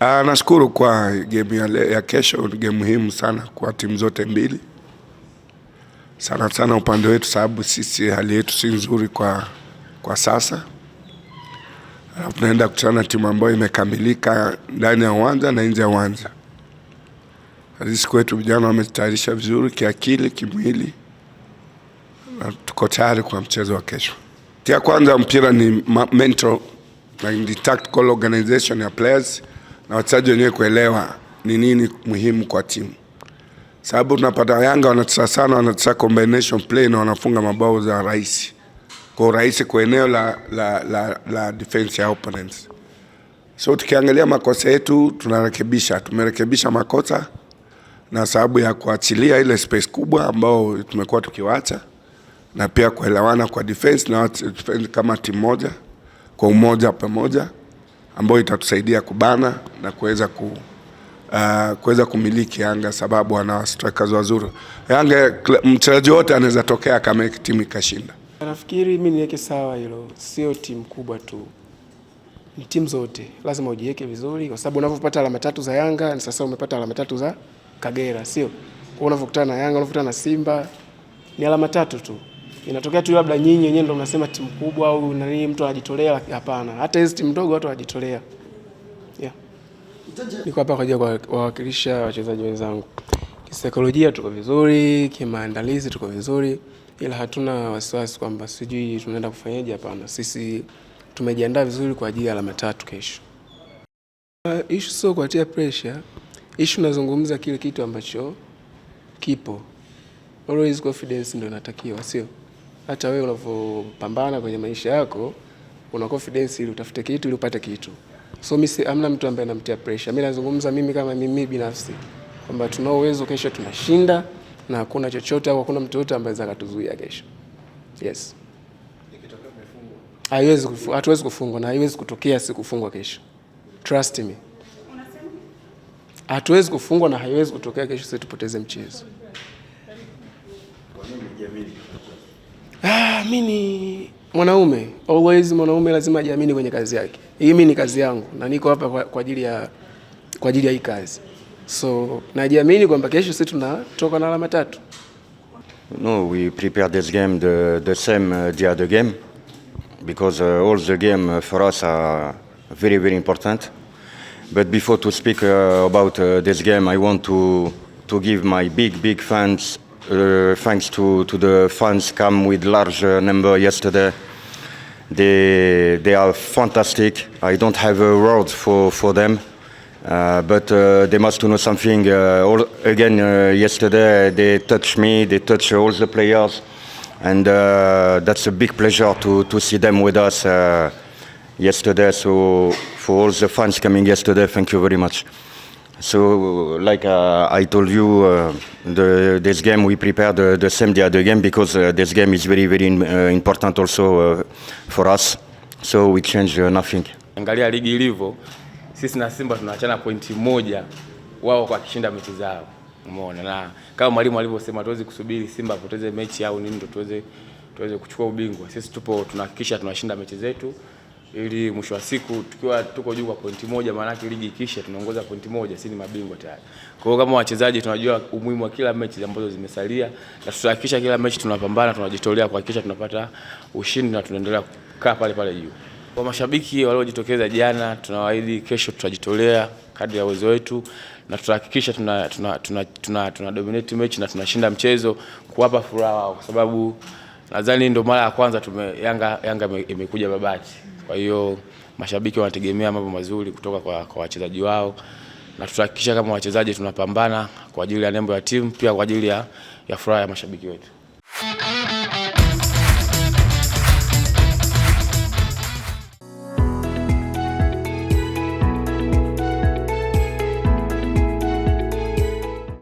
Ah, nashukuru kwa game ya, ya kesho. Ni game muhimu sana kwa timu zote mbili, sana sana upande wetu, sababu sisi hali yetu si nzuri kwa, kwa sasa. Ah, tunaenda kutana na timu ambayo imekamilika ndani ya uwanja na nje ya uwanja. Sisi kwetu vijana wametayarisha vizuri kiakili, kimwili tuko tayari kwa mchezo wa kesho. Tia kwanza mpira ni mental na ni tactical organization ya players na wachezaji wenyewe kuelewa ni nini muhimu kwa timu, sababu tunapata Yanga wanatesa sana, wanatesa combination play na wanafunga mabao za rahisi kwa urahisi kwa eneo la, la, la, la defense ya opponents. So tukiangalia makosa yetu tunarekebisha, tumerekebisha makosa na sababu ya kuachilia ile space kubwa ambao tumekuwa tukiwacha na pia kuelewana kwa defense na defense kama timu moja kwa umoja pamoja ambayo itatusaidia kubana na kuweza ku Uh, kuweza kumiliki Yanga sababu ana strikers wazuri. Yanga mchezaji wote anaweza tokea kama timu ikashinda. Nafikiri mimi niweke sawa hilo, sio timu kubwa tu, ni timu zote lazima ujiweke vizuri, kwa sababu unavyopata alama tatu za Yanga ni sasa umepata alama tatu za Kagera, sio? Kwa unavyokutana na Yanga, unavyokutana na Simba ni alama tatu tu. Inatokea tu labda nyinyi wenyewe ndio mnasema timu kubwa au nani mtu anajitolea. Hapana, hata hizi timu ndogo watu wanajitolea. Yeah. Niko hapa kwa ajili ya kuwawakilisha wachezaji wenzangu. Kisaikolojia tuko vizuri, kimaandalizi tuko vizuri, ila hatuna wasiwasi kwamba sijui tunaenda kufanyaje. Hapana, sisi tumejiandaa vizuri kwa ajili ya alama tatu kesho. Uh, ishu sio kuatia pressure, ishu nazungumza kile kitu ambacho kipo. Always confidence ndio natakiwa, sio hata wewe unavyopambana kwenye maisha yako una confidence ili utafute kitu ili upate kitu. So mimi amna mtu ambaye anamtia pressure. Mimi nazungumza mimi kama mimi binafsi kwamba tuna uwezo, kesho tunashinda na hakuna chochote au hakuna mtu yote ambaye anaweza kutuzuia kesho. Yes. Ikitokea umefungwa. Haiwezi kufungwa, hatuwezi kufungwa na haiwezi kutokea si kufungwa kesho. Trust me. Unasema Hatuwezi kufungwa na haiwezi kutokea kesho sisi tupoteze mchezo. Ah, mwanaume always, mwanaume lazima ajiamini kwenye kazi yake. mimi ni kazi yangu na niko hapa kwa ajili ya kwa ajili ya hii kazi, so najiamini kwamba kesho sisi tunatoka na alama tatu. No, we prepare this game the, the same uh, the other game because uh, all the game uh, for us are very very important but before to speak uh, about uh, this game I want to to give my big big fans Uh, thanks to, to the fans come with large uh, number yesterday. They, they are fantastic. I don't have a word for, for them. Uh, but uh, they must know something. Uh, all, again, uh, yesterday they touched me, they touched all the players, and that's a big pleasure to, to see them with us yesterday. So, for all the fans coming yesterday, thank you very much. So, like uh, I told you, uh, the, this game we prepared the, the same the game because uh, this game is very very in, uh, important also uh, for us. So we change uh, nothing. Angalia ligi ilivyo, sisi na Simba tunaachana pointi moja, wao kwa kishinda mechi zao. Umeona, na kama mwalimu alivyosema, tuwezi kusubiri Simba poteze mechi au nini, tuweze tuweze kuchukua ubingwa. Sisi tupo tunahakikisha tunashinda mechi zetu ili mwisho wa siku tukiwa tuko juu kwa pointi moja, maanake ligi ikisha tunaongoza pointi moja, si ni mabingwa tayari. Kwa hiyo kama wachezaji tunajua umuhimu wa kila mechi ambazo zimesalia, na tutahakikisha kila mechi tunapambana, tunajitolea kuhakikisha tunapata ushindi na tunaendelea kukaa pale pale juu. Kwa mashabiki waliojitokeza jana, tunawaahidi kesho tutajitolea kadri ya uwezo wetu na tutahakikisha tuna, tuna, tuna, tuna, tuna dominate mechi na tunashinda mchezo kuwapa furaha wao kwa sababu nadhani ndio mara ya kwanza tume, Yanga, Yanga imekuja Babati, kwa hiyo mashabiki wanategemea mambo mazuri kutoka kwa, kwa wachezaji wao na tutahakikisha kama wachezaji tunapambana kwa ajili ya nembo ya timu pia kwa ajili ya, ya furaha ya mashabiki wetu.